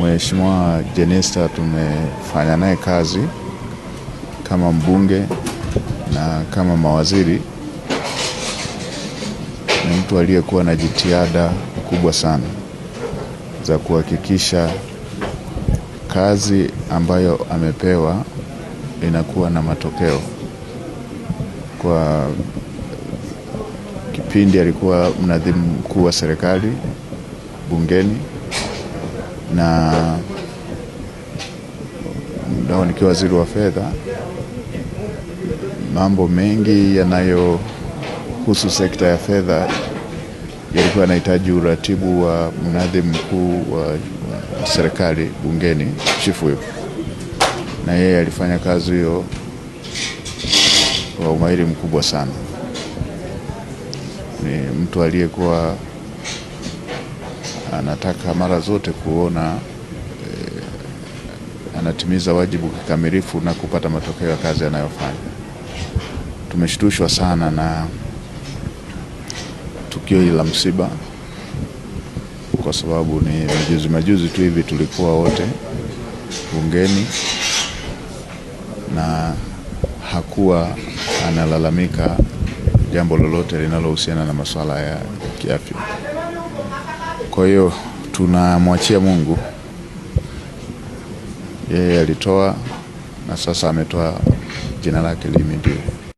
Mheshimiwa Jenista tumefanya naye kazi kama mbunge na kama mawaziri. Ni mtu aliyekuwa na jitihada kubwa sana za kuhakikisha kazi ambayo amepewa inakuwa na matokeo. Kwa kipindi alikuwa mnadhimu mkuu wa serikali bungeni na ndao nikiwa waziri wa fedha, mambo mengi yanayohusu sekta ya fedha yalikuwa yanahitaji uratibu wa mnadhimu mkuu wa, wa serikali bungeni, chief whip, na yeye alifanya kazi hiyo kwa umahiri mkubwa sana. Ni mtu aliyekuwa anataka mara zote kuona eh, anatimiza wajibu kikamilifu na kupata matokeo ya kazi anayofanya. Tumeshtushwa sana na tukio hili la msiba, kwa sababu ni majuzi majuzi tu hivi tulikuwa wote bungeni na hakuwa analalamika jambo lolote linalohusiana na masuala ya kiafya. Kwa hiyo tunamwachia Mungu, yeye alitoa na sasa ametoa, jina lake limidi